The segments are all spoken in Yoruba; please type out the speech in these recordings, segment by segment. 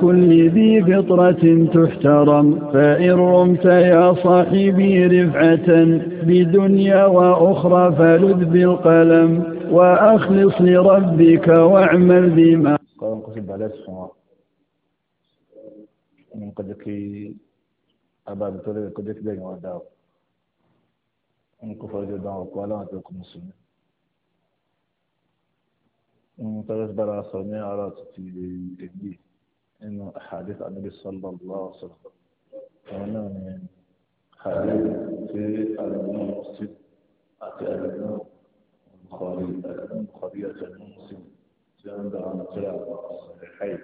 كل ذي فطرة تحترم فإن رمت يا صاحبي رفعة بدنيا وأخرى فلذ بالقلم وأخلص لربك واعمل بما قال قصد على السماء من قدك أبا بطولة قدك دين وداو من كفر جدان وقوالا وتلك مسلمين من طرف برا صنع على تتيجي إنه أحاديث النبي صلى الله عليه وسلم وأنا حديث في الإمام مسلم أتى الإمام البخاري الإمام البخاري أتى الإمام مسلم سيعمد عن قراءة الصحيحين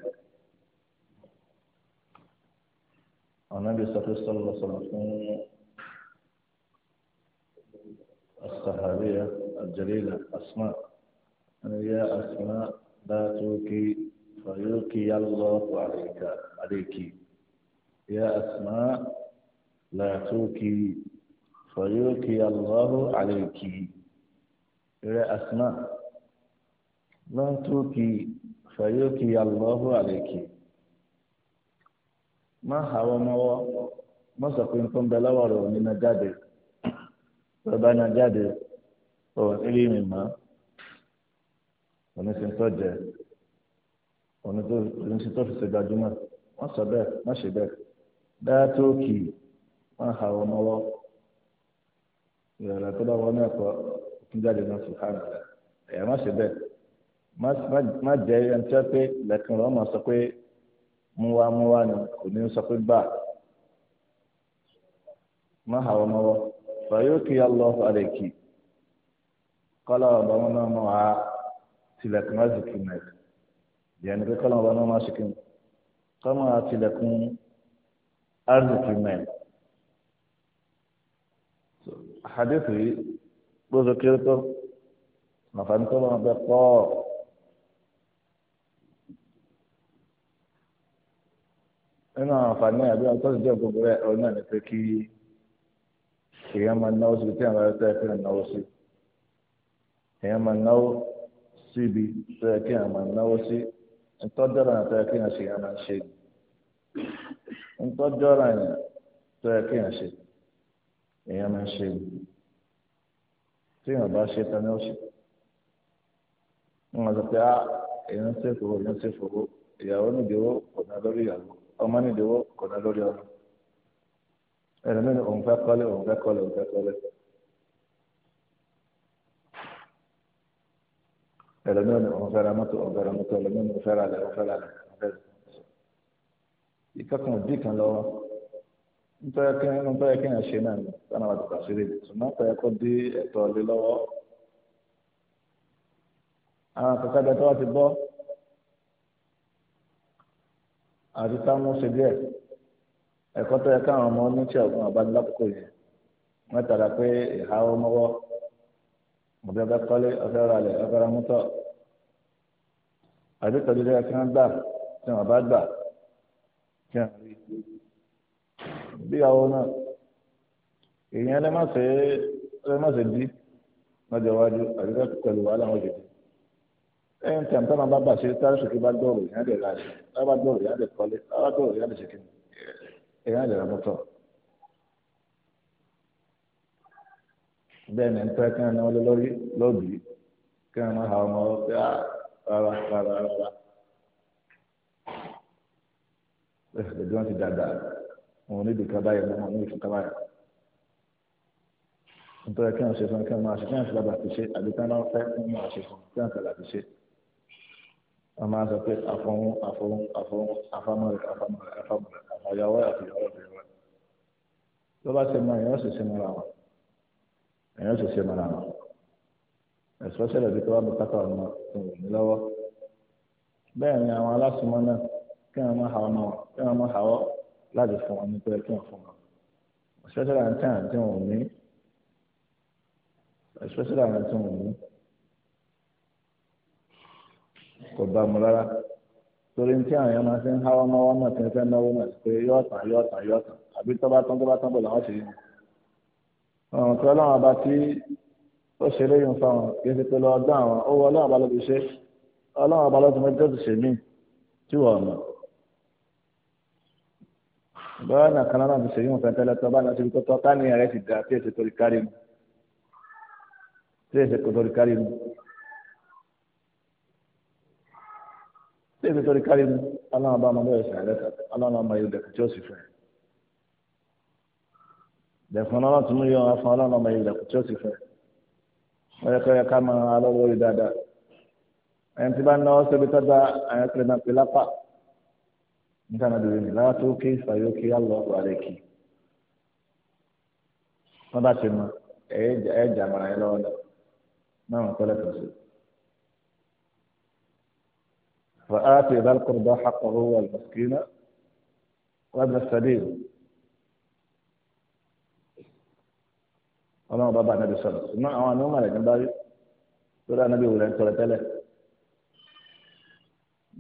النبي صلى الله عليه وسلم الصحابية الجليلة أسماء يا أسماء لا توكي فيلقي الله عليك عليك يا أسماء لا توكي فيلقي الله عليك يا أسماء لا توكي فيلقي الله عليك má hàwọ́ mọ́wọ́ má sọ pé nǹkan bẹ lọ́wọ́ rẹ̀ òní na jáde tó bá òní tó ní sí tó fi ṣe gbajúmọ̀ wọ́n sọ bẹ́ẹ̀ wọ́n ṣe bẹ́ẹ̀ dáa tó kì í wọ́n ha wọn lọ́wọ́ ìrọ̀lẹ́ tó bá wọn náà kọ́ kíjáde náà sùn ẹ̀yà bẹ́ẹ̀ má tí pé sọ pé mú wá mú wá ni kò ní sọ pé bá má ha wọn lọ́wọ́ fàyó kì í lọ àlè kì í kọ́lá ọ̀bọ̀n yẹn pé kọ́lọ́mù ọba náà máa ṣe kí n kọ́mọ àtìlẹ́kùn arzikì mẹ́rin àdéhùn yìí bó ṣe kéré tó nàfààní tó máa bẹ pọ̀ nínú àǹfààní àbí àwọn tó ti jẹ́ gbogbo rẹ̀ ọ̀rọ̀ náà ni pé kí èèyàn máa náwó síbi tí àwọn ẹ̀rọ tẹ́lẹ̀ náwó sí èèyàn máa náwó síbi tó yẹ kí àwọn náwó sí ntọ́jọ́ra yẹn tó yẹ kí yẹn ṣe yẹn máa ṣe ntọ́jọ́ra yẹn tó yẹ kí yẹn ṣe èèyàn máa ṣe tí yẹn bá ṣe tán ni ó ṣe wọn sọ pé a ah, èèyàn ṣe fòwò èèyàn ṣe fòwò ìyàwó nìdíwó kò ná lórí ìyàwó ọmọ nìdíwó kò ná lórí ọmọ ẹlòmíràn òun fẹ́ kọ́lé òun fẹ́ kọ́lé òun fẹ́ kọ́lé. ẹlòmíì ni òun fẹ́ra mọ́tò òun fẹ́ra mọ́tò ẹlòmíì ni òun fẹ́ra lẹ̀ òun fẹ́ra lẹ̀ òun fẹ́ra lẹ̀ ìkọkàn òbí kan lọ́wọ́ nítorí kí wọ́n bẹ́ẹ̀ kí wọ́n ṣe náà ní sọ́nà wà tìpá sí rèé ṣùgbọ́n pẹ̀lú kó dé ẹ̀tọ́ lé lọ́wọ́ àwọn kankan bẹ tó wá ti bọ́ àti táwọn ṣe díẹ̀ ẹ̀kọ́ tó yẹ káwọn ọmọ oníṣẹ́ ọ̀gbọ́n àbánilákòókò yẹn wọ́n tara pé ìhà ọmọwọ́ ọ̀dọ́ bẹ kọ́lé ọ̀dọ́ ralẹ̀ ọ̀dọ́ ramútọ̀ àdékọ̀ dídá kí wọ́n gbà tí wọ́n bá gbà kí wọ́n rí ìgbéyàwó náà èèyàn lẹ́mọ̀sẹ̀ lẹ́mọ̀sẹ̀ dí lọ́jọ́ iwájú àdékọ̀ pẹ̀lú wàhálà wọn jẹ̀dí ẹ̀yìn tí àǹtá máa bá bàṣẹ tárí sèké bá dọ̀rọ̀ ìyá dẹ̀ ralẹ̀ bá dọ̀rọ̀ ìyá dẹ̀ kọ́lé bá dọ̀rọ̀ ìyá dẹ̀ sèké ìyá dẹ̀ ramútọ̀ bẹ́ẹ̀ ni nípa kí wọ́n lé lórí lóbi kí wọ́n máa ha ọmọ ọ̀pẹ́ ah, rárá rárá rárá. Ẹ̀sìn wọn ti dàgbà wọn ò níbi kan báyìí wọn ò níbi kan báyìí. Nítorí kí wọ́n ṣe fún kí wọ́n máa ṣe kí wọ́n ṣe lábàá ti ṣe àbí kí wọ́n fẹ́ kí wọ́n máa ṣe fún kí wọ́n fẹ́ láti ṣe. Wọ́n máa sọ pé àfọwọ́n àfọwọ́n àfọwọ́n àfọmọ́rẹ̀ àfọmọ́rẹ̀ àfọmọ́rẹ̀ àfọyàwọ́ àfọyàwọ́ àfọyàwọ́. Lọ́ba ṣe mọ ìyẹn ó sì ṣe mọ́ra wọn èèyàn sì ṣe mọ̀nà àmọ́ ẹ̀sọ́ ṣẹlẹ̀ bí tó wà bùkátà ọmọ fún òní lọ́wọ́ bẹ́ẹ̀ ni àwọn alásùnmọ́ náà kí wọ́n máa hàwọ́ náà kí wọ́n máa hàwọ́ láti fún wọn nípa kí wọ́n fún wọn especially àwọn tí àwọn tí wọn ò ní especially àwọn tí wọn ò ní kò bá mu rárá torí tí àwọn yẹn máa fi ń hàwọ́ náà náà fi ń fẹ́ náwó náà pé yọ̀ọ̀tàn yọ̀ọ̀tàn yọ̀ọ̀tàn àbí tọ́bátán tọ́bátán bọ̀ làwọn ṣe yẹn ọ̀ràn tí ọlọ́run ọba tí ó ṣe lẹ́yìn fáwọn kì í ṣe pé lọ dá àwọn ó wọ ọlọ́run ọba ló ti ṣe ọlọ́run ọba ló ti mẹ́jọ ti ṣe mí tí wọ́n mọ̀ bọ́lá náà kan náà ti ṣe yíwọ̀n fẹ́ tẹ́lẹ̀ tó bá náà ti rí tọ́tọ́ ká ní ẹ̀rẹ́ ti dà tí èsì torí kárí mu tí èsì torí kárí mu tí èsì torí kárí mu ọlọ́run ọba ọmọ bẹ́ẹ̀ sàrẹ́ ọlọ́run ọmọ yóò dẹ̀kú dẹ̀fọn náà tún yọ afọ ọlọ́run ọmọ ìlẹ̀kùn tí ó sì fẹ́ wọ́n yẹ kó yẹ ká máa lọ́wọ́ orí dáadáa ẹni tí bá ń náwó síbi tọ́jà àyàn kiri náà pè lápá níta náà dèrè ní lára tó ké ìfàyókè àlọ́ àrẹ kì wọ́n bá ti mọ ẹ̀ jà mọ́ra ẹ lọ́wọ́ náà náà wọ́n kọ́lẹ́ tó sí. حقه والمسكين وابن السبيل ọlọ́run bá bá anabi sọ̀rọ̀ ṣùgbọ́n àwọn àmì ọmọlẹ̀ ní báyìí lórí anabi wòlẹ̀ ń tọrẹ tẹ́lẹ̀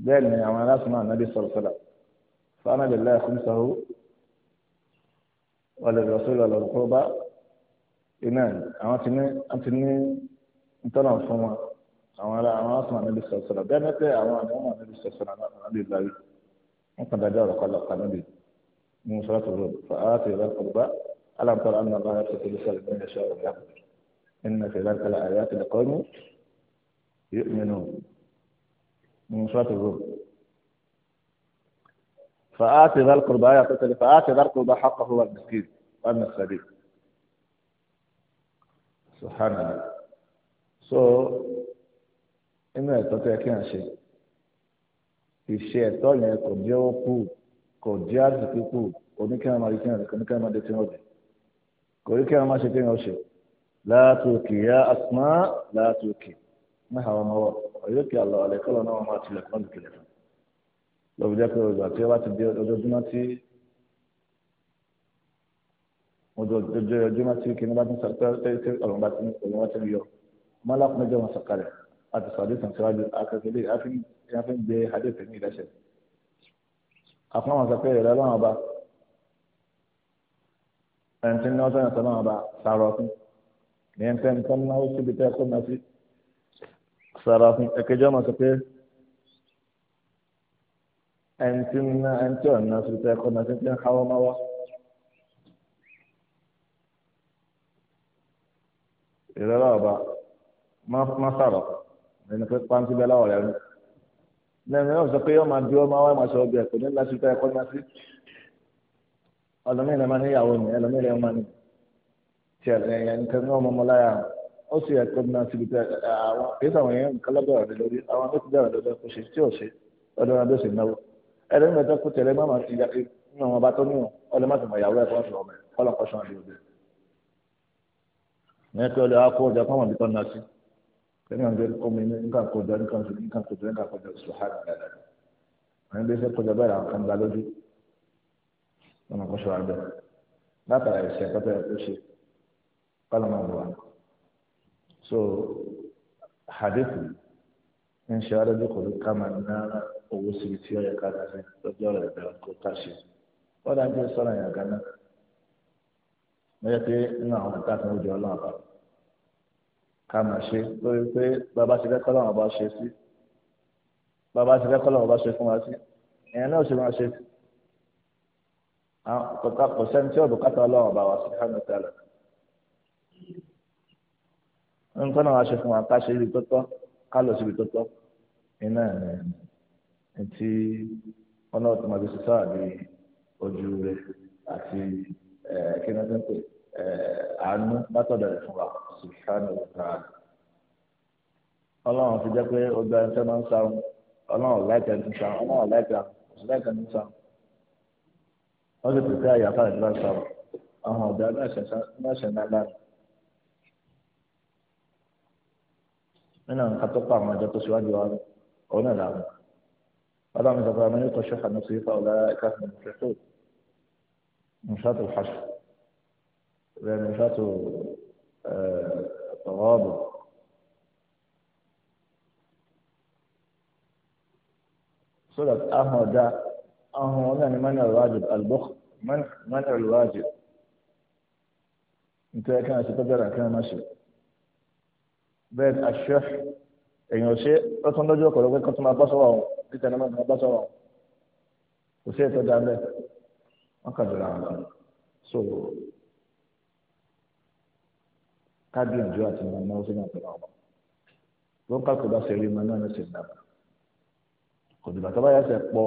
bẹ́ẹ̀ ni àwọn aláṣùmọ̀ anabi sọ̀rọ̀ sọ̀rọ̀ fáwọn àbẹ̀ lẹ́yìn fún sọ́hó wàlẹ̀ rọ̀ṣọ́lẹ̀ lọ́rùkọ́ bá iná àwọn ti ní àti ní ntọ́nà fún wọn àwọn ará àwọn aláṣùmọ̀ anabi sọ̀rọ̀ sọ̀rọ̀ bẹ́ẹ̀ ni pé àwọn àmì ọmọ anabi sọ̀rọ̀ sọ̀rọ̀ anabi ألم تر أن الله يبسط الرزق من يشاء ويقدر إن في ذلك لآيات لقوم يؤمنون من سورة الروم فآت ذا القربى آية قتل فآت ذا القربى حقه المسكين وابن السبيل سبحان الله so inú ẹ̀tọ́ tó yẹ kí n ṣe ìṣe كو yẹn كو jẹ́ ó kù kò jẹ́ àdìsí kù oníkẹ́rin máa di kí n rẹ̀ oníkẹ́rin máa di tí wọ́n bẹ̀rẹ̀. kò rí kí wọn má ṣe kí wọn ṣe látòkè ya asmá látòkè náà àwọn ọmọ ọyọ kí àlọ àlẹ kọlọ náà wọn máa tilẹ̀ kọ́ nìkìlẹ fún lọ́wọ́ jẹ́ pé ọgbà tí wọ́n bá ti dé ojoojúmọ́ tí ojoojúmọ́ tí kìnnìún bá ti ń sàkálẹ̀ tí ọ̀rọ̀ bá ti ń ọ̀rọ̀ wọn ti ń yọ mọ́lákùnrin jẹ́ wọn sàkálẹ̀ àti sàdé tàn síwájú àfi ń gbé adé tẹ̀mí ìdáṣẹ́ àfọwọ́n sàkálẹ̀ rẹ̀ lọ́wọ́ ọba ẹni tí ń náwó sọ́nà sọ́nà ọba sàrọ̀ fún ní ẹni tẹ́ni tó ń náwó síbi tẹ́ kó náà sí sàrọ̀ fún ẹ̀kẹ́jọ́ ọmọ sọ pé ẹni tí ń ná ẹni tí ò ń ná síbi tẹ́ kó náà sí ti ń háwọ́ máwọ́. ìrẹ́lẹ̀ ọba má sàrọ̀ ẹni pé pàǹtí bẹ́ẹ̀ láwọ̀ rẹ̀ ní ẹni náà sọ pé yọ́ọ́ máa di ọmọ wa máa sọ ọgbẹ́ ẹ̀kọ́ ní láti tẹ́ ẹ̀kọ́ náà sí ẹlòmíì lè máa ní ìyàwó ni ẹlòmíì lè máa ní tiẹ̀ ẹ̀yẹ nǹkan ní ọmọ ọmọláyà ó sì yẹ kó náà síbi tẹ àwọn kìí sàwọn èèyàn nǹkan lọ́dọ̀ rẹ̀ lórí àwọn tó ti bẹ̀rẹ̀ lọ́dọ̀ kò ṣe tí ò ṣe lọ́dọ̀ rẹ̀ ló sì náwó ẹlẹ́yìn mẹ́ta kú tẹ̀lé má máa ti ya nínú ọmọ ọba tó níwọ̀n ọlẹ́ má ti mọ ìyàwó ẹ̀ kó sọ̀rọ̀ mẹ́ kọ́lọ̀ kọ́ sọ̀rọ̀ lóde. ní ẹ̀kọ́ wọn kò ṣe wà bẹ́ẹ̀ látara ìṣe pẹpẹ ó ṣe kọlọmọ wà so hadith ń ṣe arábí kò ní ká máa ná owó síbi tí ó yẹ ká dá sí lọ́jọ́ rẹ̀ bẹ̀rẹ̀ kó ká ṣe wọ́n dá bí sọ́nà yàn gánà lọ́jọ́ pé nínú àwọn ìta kan ó jẹ́ ọlọ́run àbá ká máa ṣe lórí pé bàbá ti fẹ́ kọ́lọ́run ọba ṣe sí bàbá ti fẹ́ kọ́lọ́run ọba ṣe fún wa sí ẹ̀yìn náà ṣe máa ṣe sí kọta kọsẹ́ ní tí ọ̀dùn kátà ọlọ́run bá wa subhanahu wa ta'ala. nǹkan náà wàá ṣe fún wa ká ṣe ibi tó tọ́ ká lọ síbi tó tọ́ iná ẹ̀ ti ọ̀nà ọ̀tún àbí sísá àbí ojú rẹ̀ àti kí ni wọ́n ti ń pè àánú látọ̀dọ̀ rẹ̀ fún wa subhanahu wa ta'ala. ọlọ́run ti jẹ́ pé ó gba ẹni tẹ́ máa ń sáwọn ọlọ́run láìpẹ́ ń sáwọn ọlọ́run láìpẹ́ ń sáwọn wọ́n sì pèsè àyè àkàrà ìdílé sọ̀rọ̀ ọ̀hún ọ̀dà aláṣẹ náà lánàá. nínú àwọn kan tó pa àwọn àjọ tó ṣíwájú wa òun náà làwọn ọlọ́run mi sọ pé ọmọ yóò tọ́ṣọ́ àná sí ipa ọ̀la ẹ̀ka fún mi fẹ́ tó mùsàtò fàṣọ rẹ mùsàtò ọ̀rọ̀ọ̀bù. so that ahọ́n dáa. àwọn ọ̀nà ni mọ́nà alwajib albọ́k mọ́nà alwajib nítorí ẹ̀ka àti pẹ́pẹ́rẹ́ àti ẹ̀ma ṣe bẹ́ẹ̀ aṣọ èèyàn ṣe lọ́tún lọ́jọ́ ọ̀kọ̀rọ̀ pé kọ́tún máa bá sọ́wọ́ àwọn títẹ̀ náà máa bá sọ́wọ́ àwọn kò sí ètò dáadẹ́ wọ́n kà jùlọ àwọn so kábíyànjú àti mọ̀ náà ó sì pẹ̀lú àwọn ló ń kàkó bá ṣe rí mọ́ náà ní ṣe dáadáa kò dìgbà tó bá yà sẹ́ pọ̀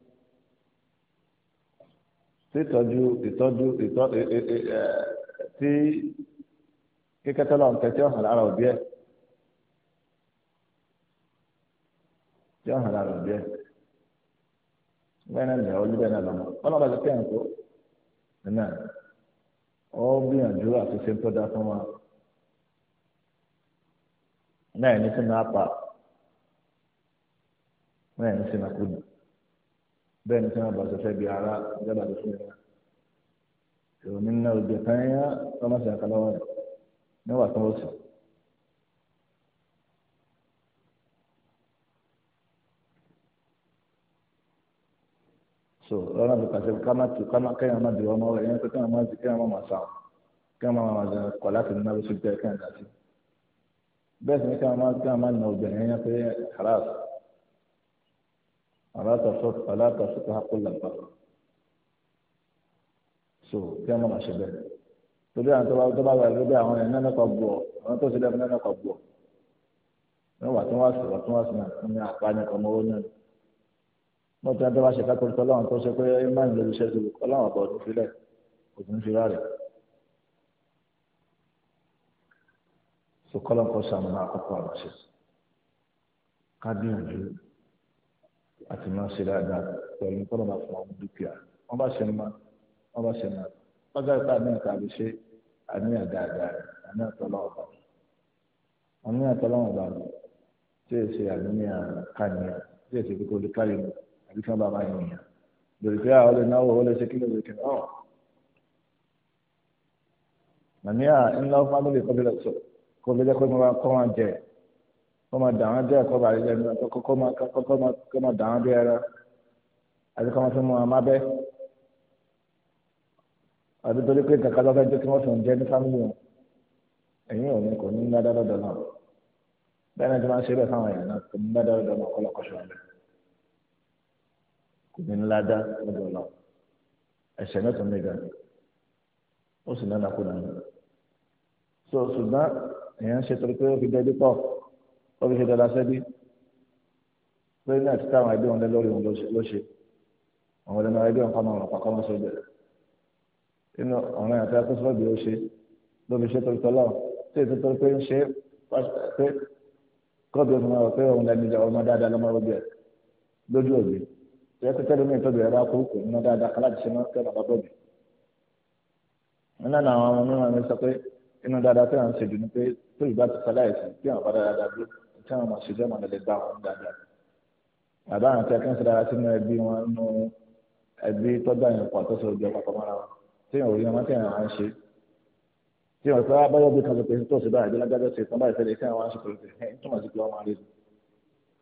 sí ìtọ́jú ìtọ́jú ìtọ́ tí kíkẹ́tọ́ lọ́n tẹ́tí ọ̀hàn lára òbí ẹ̀ tí ọ̀hàn lára òbí ẹ̀ bẹ́ẹ̀ náà nìyàwó bẹ́ẹ̀ náà lọ́mọ wọn náà bá ti pẹ́ ẹ̀ ń ó gbìyànjú àtúnṣe tó dá fún wa náà bẹ́ẹ̀ ni tí wọ́n fẹ́ bí ara ìjọba tó fún yàrá ìròyìn náà òde kan yá tọ́lọ́sì so lọ́nà tó kàṣẹ kámá tó kámá kẹ́yìn máa dìrọ̀ ọmọ rẹ̀ yẹn pé kẹ́yìn máa kẹ́yìn máa máa sàn kẹ́yìn máa máa kọ̀ láti nínú abẹ́sọ̀ kẹ́yìn dàtí bẹ́ẹ̀ sì ni kẹ́yìn kẹ́yìn nà yẹn alátàfọ́ alátàfọ́ kakó làbà so kí wọn máa ṣe bẹ́ẹ̀ torí àwọn tó bá tó bá wà lóde àwọn ẹni náà kọ bù ọ àwọn tó ṣe lẹ́nu náà kọ bù ọ wọn wà tí wọn sọ tí wọn sọ náà ní àpáyé ọmọ owó náà wọn tí wọn tó bá ṣe kákó tó lọ́wọ́n tó ṣe pé ẹ má nílò iṣẹ́ síbi ọlọ́wọ́n ọ̀bọ̀ ọdún filẹ̀ òdún fira rẹ̀ so kọ́lọ́ńkọ́ sàmúnà àkọ́kọ́ àwọn ṣe ká àti máa ṣe dáadáa pẹ̀lú kọ́nà máa fún àwọn dúkìá wọ́n bá ṣe máa wọ́n bá ṣe máa lọ́jọ́ ìta ní ìta lè ṣe àníyàn dáadáa àníyàn tọ́lá ọ̀bà àníyàn tọ́lá ọ̀bà tí yẹ ṣe àníyàn kàníyàn tí yẹ ṣe kókó lè kárí mu àbí kí wọ́n bá máa yàn yàn lórí pé àwọn ah, olè náwó olè ṣe kílò lè kílò àníyàn ńlá fámìlì kọ́bílẹ̀ kọ́bílẹ̀ kọ́ máa dà wọ́n díẹ̀ kọ́ bá rí lẹ́nu kọ́ máa kọ́ máa dà wọ́n bí ẹran àti kọ́ máa fi mú wọn má bẹ́ àbí torí pé kàkà lọ́fẹ́ jẹ́ kí wọ́n sùn jẹ́ ní fámìlì wọn ẹ̀yìn òní kò ní dáadáa lọ́dọ̀ náà bẹ́ẹ̀ náà ti máa ń ṣe bẹ́ẹ̀ fáwọn èèyàn náà kò ní dáadáa lọ́dọ̀ náà kọ́lọ́kọ́ṣọ́ rẹ̀ kò ní ládá lọ́dọ̀ náà ẹ̀ṣẹ̀ náà tó méga so ṣùgbọ́n èèyàn ń ṣe torí ó fi ṣe dọ́là sẹ́bí pé ní àti táwọn ẹgbẹ́ wọn lé lórí òun ló ṣe àwọn ọ̀dọ́ náà ẹgbẹ́ wọn kọ́ máa pàkọ́ máa ṣe bẹ̀rẹ̀ inú ọ̀ràn àti akọ́sọ́ọ̀bì ó ṣe ló fi ṣe torítọ́ lọ́wọ́ tí ètò tó pé ń ṣe pé kọ́ọ̀bì ọ̀sán máa rò pé òun lẹ́nu ọmọ dáadáa lọ́mọ rọ́bì ẹ̀ lójú òbí ìyá pé tẹ́lẹ̀ mi ìtọ́jú ẹ̀ bá kú kò ní dáadáa aláàtì ṣe máa ń kẹ́ bàbá bọ̀bì. nínú àwọn ọmọ mímọ́ dáadáa tí wọ́n ṣe jù ni tí àwọn òṣìṣẹ́ mọ̀ lè gbà wọn dáadáa bàbá àwọn tí a kàn sára sínú ẹbí wọn nú ẹbí tọ́jú àyàn pọ̀ àtọ́sọ ìjọ papọ̀ mọ́ra wọn tí ìwọ̀n orí wọn tí àwọn àwọn ṣe tí ìwọ̀n sọ abájọ́ ah, bí kan sọ pé tó sì báyìí lágbájọ́ sí ìtàn báyìí fẹ́lẹ̀ tí àwọn àṣẹ pẹ̀lú ẹ̀ ń túmọ̀ sí pé wọ́n máa rí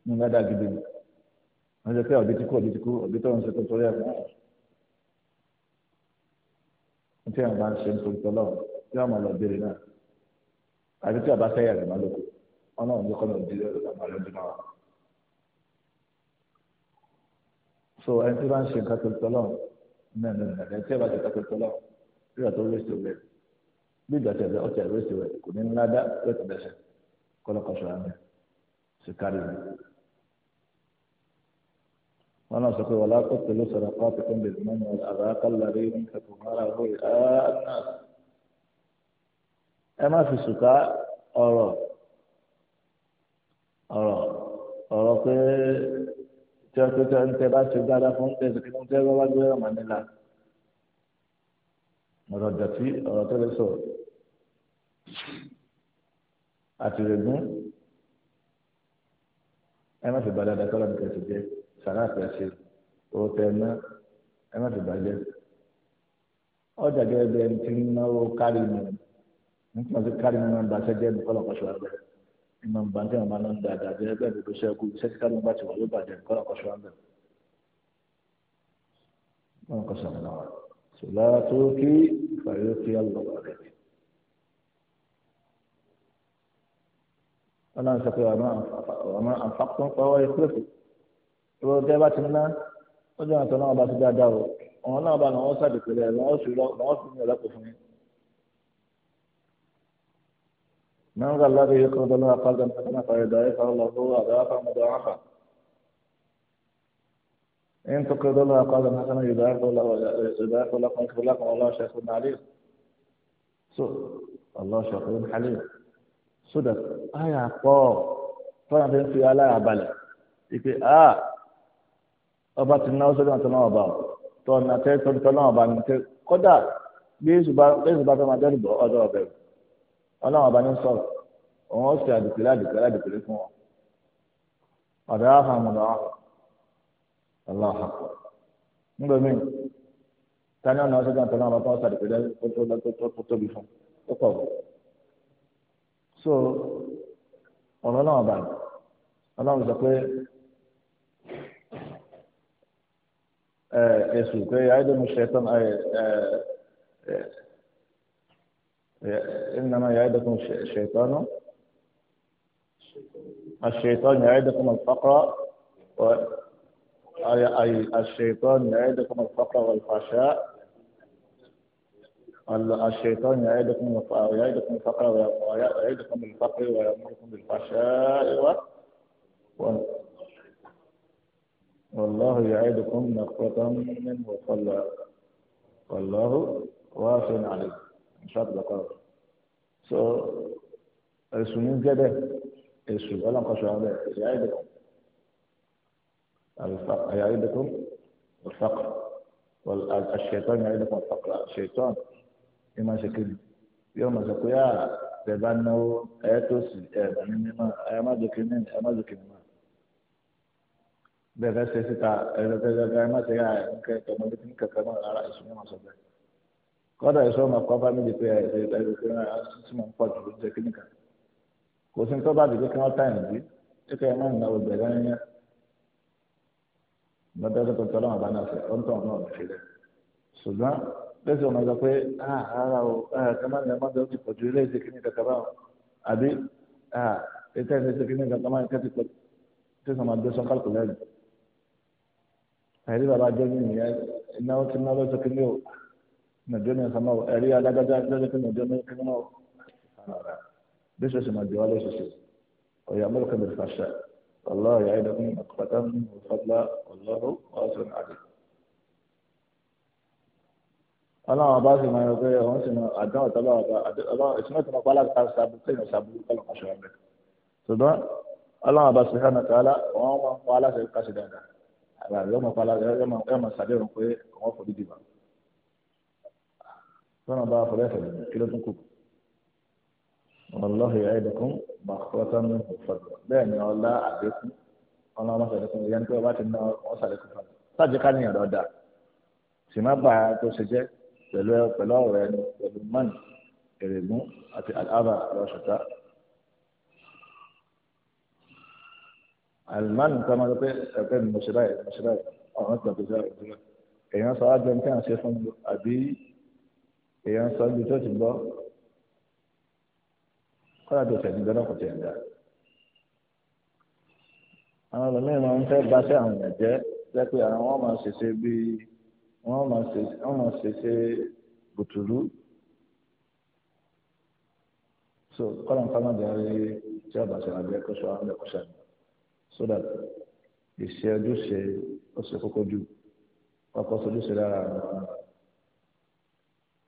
nínú ládàá gidi ni wọ́n jẹ́ pé ọ̀bí ti kú ọ̀bí ti kú ọ̀bí tó ń ṣe tó torí ẹ̀kọ́ tí ọlọ́run ló kọ́nà òbí lọ́dọ̀ bàbá lọ́dún náà. so ẹni tí wọ́n ń ṣe nǹkan tó tọ́lọ̀ náà ní ìrìnàjò ẹni tí wọ́n bá ṣe nǹkan tó tọ́lọ̀ rírà tó rẹ́sì rẹ̀ bí ìgbà tí ọ̀tẹ̀ ọ̀tẹ̀ rẹ́sì rẹ̀ kò ní ńlá dá rẹ́sì dẹ́sẹ̀ kọ́lọ́kọ́sọ àmì sìkárì rẹ̀. wọn náà sọ pé wàlá tó tẹ̀lé sọ̀rọ̀ kọ́ ti fún bèbí mọ́ni àbá kálárì ní kẹkọ̀ọ́ra ẹ má fi sùkà ọ̀rọ̀ ọ̀rọ̀ ọ̀rọ̀ pé tí wọ́n tó ń tẹ bá ṣe dáadáa fún tẹ̀sí kí wọ́n tẹ́ bá wá gbé ọmọ nílà ọ̀rọ̀ dọ̀tí ọ̀rọ̀ tó lè sọ̀rọ̀ àtìrẹ̀gún ẹ má fi balẹ̀ dákọ́ lọ́dún kẹsì jẹ́ sàrà àfẹ́sẹ̀ owó tẹ ẹ ná ẹ má fi balẹ̀ ọjà gẹ́gẹ́ bí ẹni tí ń náwó kárí mi nítorí kárí mi máa ń ba ṣẹ́jẹ́ ní kọ́lọ́kọ́ṣọ́ àgbẹ̀ ìmọ̀ nǹkan tí wọn máa ń da àdàbí ẹgbẹ́ ìdòdó ṣẹ́kù iṣẹ́ tí kálọ̀ bá ti wà ló bàjẹ́ nǹkan ọ̀kọ́ṣọ́ wa ń bẹ̀. wọn kọ sọ̀rọ̀ náà ṣùgbọ́n ara tó kí ìfàyè kí ọlọ́wọ́ rẹ̀ ni. wọn náà sọ pé àmọ́ àǹfààní pàwọ́ ìkúrẹ́fù ìwọ tẹ́ bá ti ná ó jẹ́ àtọ́ náà bá ti dáadáa o àwọn náà bá náà wọ́n sàdìpẹ̀lẹ̀ náà ó sì rọ́ náà ó sì من ذا الذي يقرض الله قرضا حسنا فيضاعفه الله اضعافا مضاعفه ان تقرض الله قرضا حسنا يضاعفه الله يضاعفه لكم ويكفر لكم والله شيخ عليم سو الله شيخ حليم سدد ايا قوم فانا في انسي على عبالي يقول اه ọbàtí ní náà sọdọ̀ àtọ̀nà ọba tọ̀nà tẹ́ tọ̀nà ọba nìkẹ́ kódà bí èsù bá fẹ́ máa dẹ́rù bọ́ ọjọ́ ọbẹ̀rù ọlọ́run ọba ní sọ̀rọ̀ òun ó ṣe àdìpẹ̀lẹ̀ àdìpẹ̀lẹ̀ àdìpẹ̀lẹ̀ fún wọn ọ̀dọ̀ àhàmùdọ̀ ọlọ́hà ńgbà mí tani ọ̀nà ọ̀sẹ̀ jàǹtọ̀ náà lọ́kọ́ ṣàdìpẹ̀lẹ̀ tó tóbi fún tó pọ̀ so ọ̀rọ̀ náà bá ọlọ́run sọ pé pé إنما يعدكم الشيطان الشيطان يعدكم الفقر و... أي... أي الشيطان يعدكم الفقر والفحشاء الشيطان يعدكم يعدكم الفقر ويعدكم الفقر ويأمركم بالفحشاء و... و... والله يعدكم نقرة منه وصلى والله واسع عليكم ṣọ́ọ̀tù lọ́kọ̀rọ̀ so èsù ní jẹ́bẹ̀ èsù ọlọ́nkọ́sọ ọ̀rẹ́ ẹ̀yàrídẹ́kùn ọ̀fàkọ̀ àṣetán ẹ̀yàrídẹ́kùn ọ̀fàkọ̀ àṣetán ní máa ṣe kéde yóò máa ṣe pé à tẹ̀ bá náwó ẹ̀ tó sì ẹ̀ bá ní mímọ́ ẹ̀ má jòkè ní ẹ̀ má jòkè mímọ́ bẹ́ẹ̀ fẹ́ ṣe síta ẹ̀ fẹ́ fẹ́ fẹ́ ẹ̀ má ṣe yà ẹ̀ kẹ́kẹ́ mọ́ kọ́dà ìṣọ́ máa kọ́ bá mi di pé ẹ̀ṣẹ̀ ìdájọ́ pé ẹ̀ṣẹ̀ tí mo ń pọ̀ jù ló jẹ́ kí nìkan kò sí tó bá dìde kí wọ́n táyà nìyí ṣé kí ẹ má nà ọgbẹ̀ lẹ́yìn yẹn lọ́dọ̀ tó tọ́ lọ́wọ́ bá náà fẹ́ ó ń tọ̀ náà fi lẹ̀ ṣùgbọ́n lẹ́sẹ̀ ọmọ sọ pé ara o ká má nà ọmọdé ó ti pọ̀ ju ilé ìṣe kí nìkan kaba o àbí ètò ìṣe kí nìkan kaba nìkan ti pọ̀ tí sọ ma gbé sọ kálukú lẹ́yìn àyè nàìjọ́ ní ẹ̀ka máa ẹ̀rí alágbájá lọ́jọ́ pé nàìjọ́ ní ẹ̀ka máa ara bí ṣe ṣe máa jọ alẹ́ ṣe ṣe ọ̀yà mọ́lùkà bẹ̀rẹ̀ fàṣà ọlọ́ọ̀ yà ẹ̀dá fún àkùpàtà fún ìfọdlá ọlọ́rọ̀ ọ̀sán àdé. ọlọ́run bá sì máa yọ pé ọ̀hún sì máa àdán ọ̀tá bá wà ìṣúná tó máa pa aláta ṣàbù kéèyàn ṣàbù kọ́lọ̀ kan ṣọ́ra mẹ́ta. ṣùgbọ́n ọlọ́run bá sùn hánà tààlà wọ́n máa ń pa aláṣẹ káṣí dáadáa àgbà yóò máa pa aláṣẹ yóò máa sàdéhùn pé wọ́n fò dídì bàbá. sọ́nà bá fọlẹ́ fẹ̀lẹ́ kí ló tún kù. والله يعيدكم مغفرة منه وفضلا بẹ́ẹ̀ ni ọlá àdékù ọlá ọmọ sàlékún ìyá ní pé ọba ti ná ọmọ sàlékún fún mi sáàjì ká níyàn lọ dáa sì má bàa tó ṣe jẹ pẹ̀lú pẹ̀lú ọ̀rọ̀ ẹni pẹ̀lú mọ́nì èrègún àti àlàbà lọ́sọ̀tà. àlùmánì kan máa ń pẹ́ ẹ̀pẹ́ mi mo ṣe báyìí mo ṣe báyìí ọ̀rọ̀ ń tàn tó ṣe báyìí èèyàn sọ wá jẹun kí à ń ṣe fún mi àbí èèyàn ń sọ ibi tó ti gbọ́ kọ́lá tó tẹ̀lé gbọ́dọ̀ kò tẹ̀lé dá. àwọn ọlọ́mọdé máa ń fẹ́ gbaṣẹ́ àwọn èèyàn jẹ́ pé àwọn wọn máa ṣèṣe bíi wọn máa ṣèṣe bùtùlù. so kọ́lá nǹkan máa jẹ́ rí tí ọba ṣẹlẹ̀ jẹ́ kó sọ àwọn ẹ̀kọ́ ṣẹlẹ̀ so that ìṣe ojúṣe ó ṣe kókó jù kọ́kọ́ sojúṣe lára àwọn.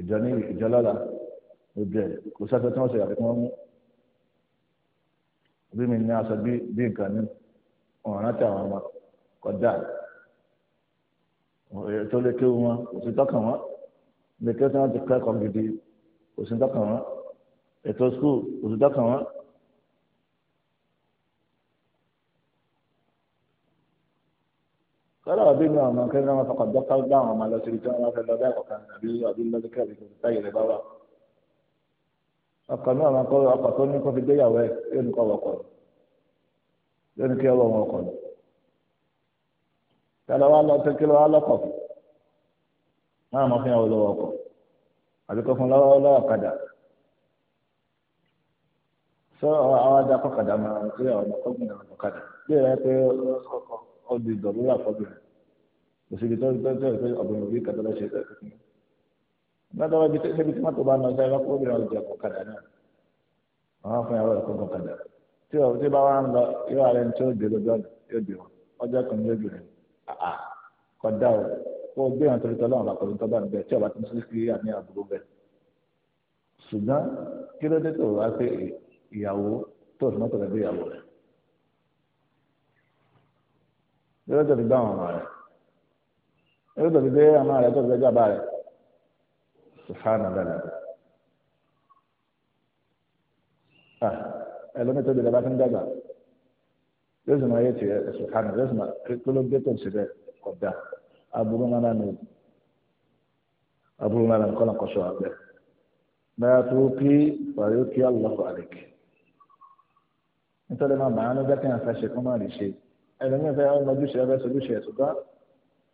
ìjọ ní ìjọ lọ́la ọbẹ̀ kò sáfẹ́ tí wọ́n ṣe àfikún wọn mú bí mi ní aṣọ bí bí nǹkan ní ọ̀ràn rántí àwọn ọmọ kọjá tó lè kéwu wọn kò sí tọkàn wọn lè kéwu tí wọ́n ti kọ́ ẹ̀kọ́ gidi kò sí tọkàn wọn ètò skul kò sí tọkàn wọn. tọ́lá ọ̀bí mi ọ̀nà kí wọ́n fọkàn dọ́kítà gbá àwọn ọmọ lọ síbi tí wọ́n fẹ́ lọ bẹ́ẹ̀ kọ̀ọ̀kan àbí ọ̀bí lọ́dún kẹ́rì kò táyì rẹ̀ bá wà. ọkọ̀ náà kọ́ ọkọ̀ tó ní kó fi gbéyàwó ẹ̀ yóò ní kọ́ wọkọ̀ yóò ní kí ọwọ́ wọn kọ̀ ní. tọ́lá wa lọ tẹ́kí lọ́wọ́ lọ́kọ̀ náà mo fi hàn wọ́n lọ́wọ́ ọkọ̀ àbí kó fún lọ́wọ́ lọ́wọ́ kadà. sọ àwọn adakọ̀ kadà máa ń ọdún ìdọ̀rúra fọ́bìnrin kò síbi tó ń tọ́jú ẹ̀ pé ọ̀bìnrin òbí kàtó lọ́ọ́ ṣe é kẹ́kẹ́ nígbàdàn ibi tí níbi tí mọ́tò bá nọ sẹ́yìn lọ́kọ́ obìnrin ọ̀jẹ̀ ọ̀kadà náà àwọn fún yàrá ẹ̀kọ́ ọ̀kadà tí ọ̀ tí bá wà ń lọ yóò ààrẹ ní tí ó dé lọ́jọ́ yóò dé wọn ọjọ́ kan yóò dé àà kọjá o kó o gbé hàn torí tọ́lọ́ ìyàwó tó o sì mọ́tò rẹ̀ bí ìyàwó rẹ̀ yóò tó fi gbọ́ àwọn ọmọ yóò tó fi gbé ọmọ na tó fi gbẹ́jọ́ bá rẹ̀ sùfàánà bẹ́ẹ̀ ah ẹlòmíì tó bá fi ń dàgbà yóò sì máa yé tiẹ̀ sùfàánà yóò sì máa kíkóló tó ọ̀dà aburú aburú nǹkan tó kí kí nítorí kí n ṣe kó má rí ṣe. ẹlòmíràn fẹ́ ọmọ ojúṣe ẹbẹ sojúṣe ẹ̀sùgbọ́n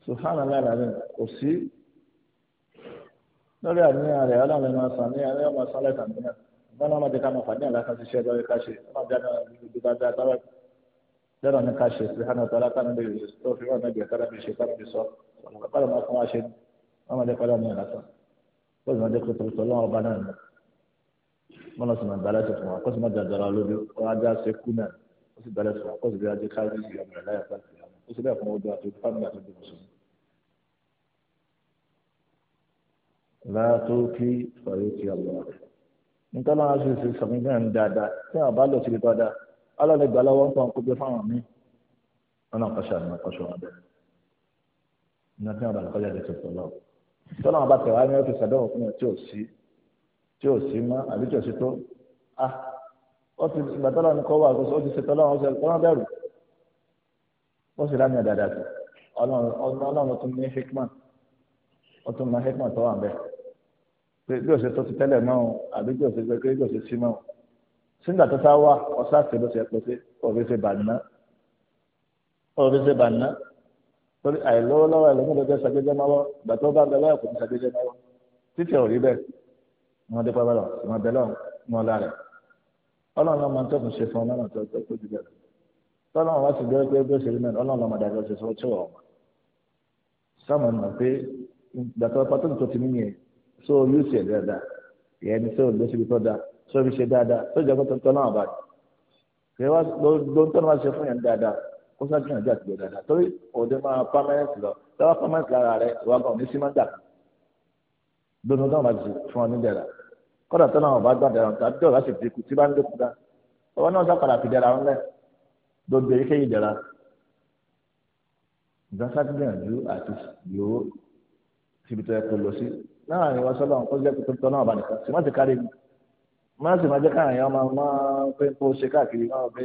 subhanallah alazim kò sí lórí àníyàn rẹ̀ ọlọ́run máa sàn ní ẹ̀rọ máa sàn lẹ́tà níyàn wọn náà máa jẹ ká máa fàdí àlá kan ṣiṣẹ́ lórí ká ṣe wọn máa jẹ ká dá sábà lọ́dọ̀ ní ká ṣe subhanahu wa ta'ala kan lè tó fi wọn mẹ́jọ kára fi ṣe kára fi sọ ọ̀nà máa fún wa ṣe wọn máa fún wa ṣe kú náà sì bẹ̀rẹ̀ sọ̀rọ̀ àkọsí bí ajé káyọ̀ sí ọmọ rẹ̀ láyà pàṣẹ àwọn ó sì bẹ́ẹ̀ fún ọdún àti fámìlì àti ọdún mùsùlùmí. látó kí fàyè kí ọlọ́ nítorí àwọn aṣọ ìṣe sọ̀rọ̀ nígbà ní dáadáa tí àwọn bá lọ síbi dáadáa alọ́lẹ̀ gbà lọ́wọ́ ń pa nǹkó gbé fáwọn míì ọ̀nà kọ́ṣà ni kọ́ṣà wọn bẹ̀rẹ̀ ní ọdún àbàlẹ̀ kọ́ṣà ti tòkọ̀ lọ. tọ́lá wọn bá tẹ̀ wá ní ọ́fíìsì àdéhùn fún ẹ tí ò sí tí ò sí mọ́ àbí tí ò sí tó ah wọ́n ti ìgbà tọ́lá ní kọ́ wà kó sọ́ọ́ ti ṣe tọ́lá wọn sọ́ọ́ tọ́lá bẹ̀rù wọ́n sì lámì àdàdà sí ọlọ́run tún ní hikman wọ́n tún ní hikman tó wà ń bẹ̀ pé bí òṣèlú tó ti tẹ́lẹ̀ mọ́ o àbí bí òṣèlú pé bí òṣèlú sí mọ́ o sígbà tó sá wà ọ̀sá àti ìlú ṣe pé ṣe òfin ṣe bàná òfin ṣe bàná torí àìlówó lọ́wọ́ ẹlòmíràn ló jẹ́ ṣàgbéjẹ́ mọ́wọ́ ìgbà tó bá ń bẹ lọ́wọ́ kò ní ṣàgbéjẹ́ mọ́wọ́ títí ò rí bẹ́ẹ̀ wọn dé pápá lọ ìmọ̀ bẹ́ẹ̀ lọ́wọ́ mọ́ lára rẹ̀ ọlọ́run lọ́mọ tó kù ṣe fún ọ lọ́nà tó tó tó jù bẹ́ẹ̀ tọ́lọ́run wá sí bẹ́ẹ̀ pé bẹ́ẹ̀ ṣe rí mẹ́rin ọlọ́run lọ́mọ dàgbà ṣe sọ tí wọ́n mọ̀ sọ́mọ nà pé gbàtọ́ pátó tó ti níyẹn sọ orí ṣe dáadáa ìyẹn ni sọ ló ṣe tó dáa sọ fi ṣe dáadáa tó jẹ́ pé tọ́lọ́run ọba rẹ̀ wá ló ń tọ́lọ́run ṣe fún yẹn dáadáa kó sá gbìyànjú àti gbé dáadáa torí òde máa pámẹ́rẹ́ǹtì lọ tọ́wọ́ pámẹ́rẹ́ǹtì lára rẹ̀ ìwà gan kọ́dà tó náà ọba gbàdá tàbí tó ọba sì fi kú tí bá ń dókun dá ọba náà sá padà fi dára ń lẹ gbogbo èyíkéyìí dára ìdánságbìyànjú àti yòó síbi tó yẹ kó lọ sí láàrin wọn sọlọ nǹkan jẹ pípẹ́ tó náà ọba nìkan sì má ti kárí mi má sì má jẹ́ káàrin ọmọ má pé kó ṣe káàkiri má pé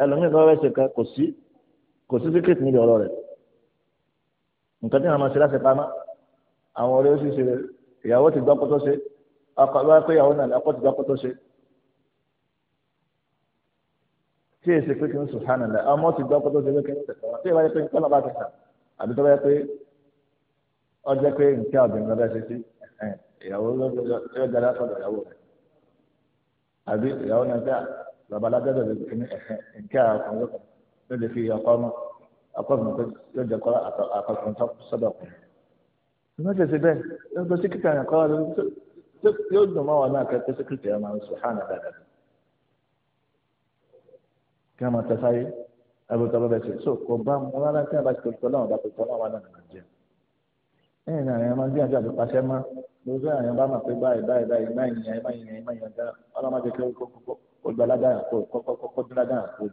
ẹlòmíì tó fẹ́ ṣe kan kò sí kò sí síkìtì níbi ọ̀rọ̀ rẹ̀ nǹkan tí wọn máa ṣe láti pamọ́ àwọn ọ̀rẹ́ ó sì ṣe ìyàwó ti gbọ́ pọ́tọ́ ṣe wáyé pé ìyàwó náà lọ́kọ́ ti dákọ́ tó ṣe tí èsì pé kí n sùn hánà lẹ́ ọmọ ti dákọ́ tó ṣe pé kí n tẹ̀sán wọn tí ìwáyé pé nǹkan náà bá ti sàn àbí tó wáyé pé ọjọ́ pé nǹkan ọ̀bìnrin lọ́dọ̀ ṣe sí ìyàwó lọ́dọ̀ gada sọ̀dọ̀ ìyàwó rẹ̀ àbí ìyàwó náà fẹ́ babalájọ́dọ̀ nǹkan ọkùnrin ló lè fi ọkọ ọmọ akọ́sùn pé yóò jẹ́ kọ́ àkọ́sùn sọ́dọ̀ ọkùnrin. ìmọ̀ yóò dùn mọ́ wọn náà kẹ́kẹ́ sẹ́kìrìtì ẹ̀ máa ń sùn hàn dáadáa kí wọ́n máa tẹ sáyé abẹ́tọ́ bẹ́ẹ̀ ṣe so kò bá mu rárá tí wọ́n bá ti tó tọ́lá wọn bá tó tọ́lá wọn náà nà jẹ́ ẹ̀yìn náà ẹ̀yìn máa ń gbìyànjú àti pàṣẹ mọ́ lóṣù àyàn bá mà pé báyìí báyìí báyìí máa yìnyín ẹ̀ máa yìnyín ẹ̀ máa yìnyín ẹ̀ ọlọ́mọdé kí ó gba ládàá kó kó dín ládàá kó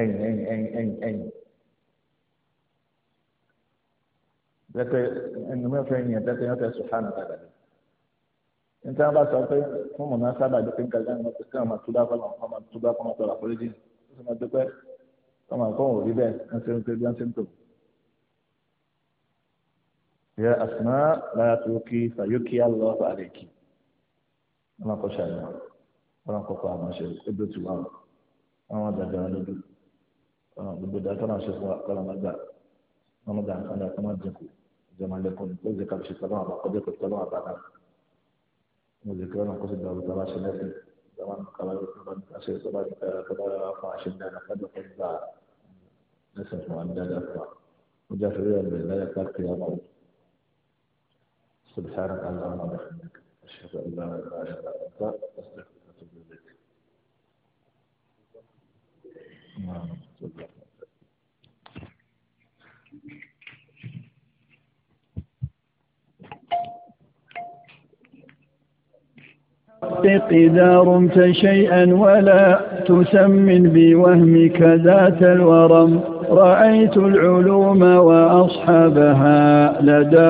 ẹ̀yìn ẹ̀yìn ẹ̀yìn ẹ̀yìn ẹ̀yìn bẹ́ẹ̀ pé ẹnu mẹ́fẹ́ yìnyín bẹ́ẹ̀ pé wọ́n fẹ́ sùn hàn dáadáa níta bá sọ pé fún mọ̀nà sábà jẹ́ pé nǹkan ìdáná kò sí àwọn àtúbá kọ́ àwọn ọmọ àtúbá kọ́ àwọn tọrọ àforíjì ó sì máa dúpẹ́ ọmọ àkọ́ òun rí bẹ́ẹ̀ ń ṣe ń pè bí wọ́n ṣe ń tò. ìyá àsùnmá lára tó kí fàyókì àlọ́ àrèkì ọmọ kò ṣàyẹ̀wò ọmọ kò kọ àwọn ṣe é bí ó ti wà wọn àwọn àgbàdo àwọn lójú ọmọ gbogbo dáadáa náà ṣe máa mo lè kẹ́rọ̀ kó sì gba ọ̀rọ̀ bàbá ṣe lẹ́sìn bàbá ní kaba ní kaba ní kase bàbá ní kaba fún àṣẹ dáadáa kájọ kó gbà lẹ́sìn fún wa ní dáadáa fún wa ó jẹ́ àfẹ́rẹ́ ọ̀rọ̀ rẹ̀ láyà káàkiri àwọn سبحانك اللهم وبحمدك أشهد أن لا إله إلا أنت أستغفرك وأتوب إليك. نعم. إذا رمت شيئا ولا تسمن بوهمك ذات الورم رأيت العلوم وأصحابها لدى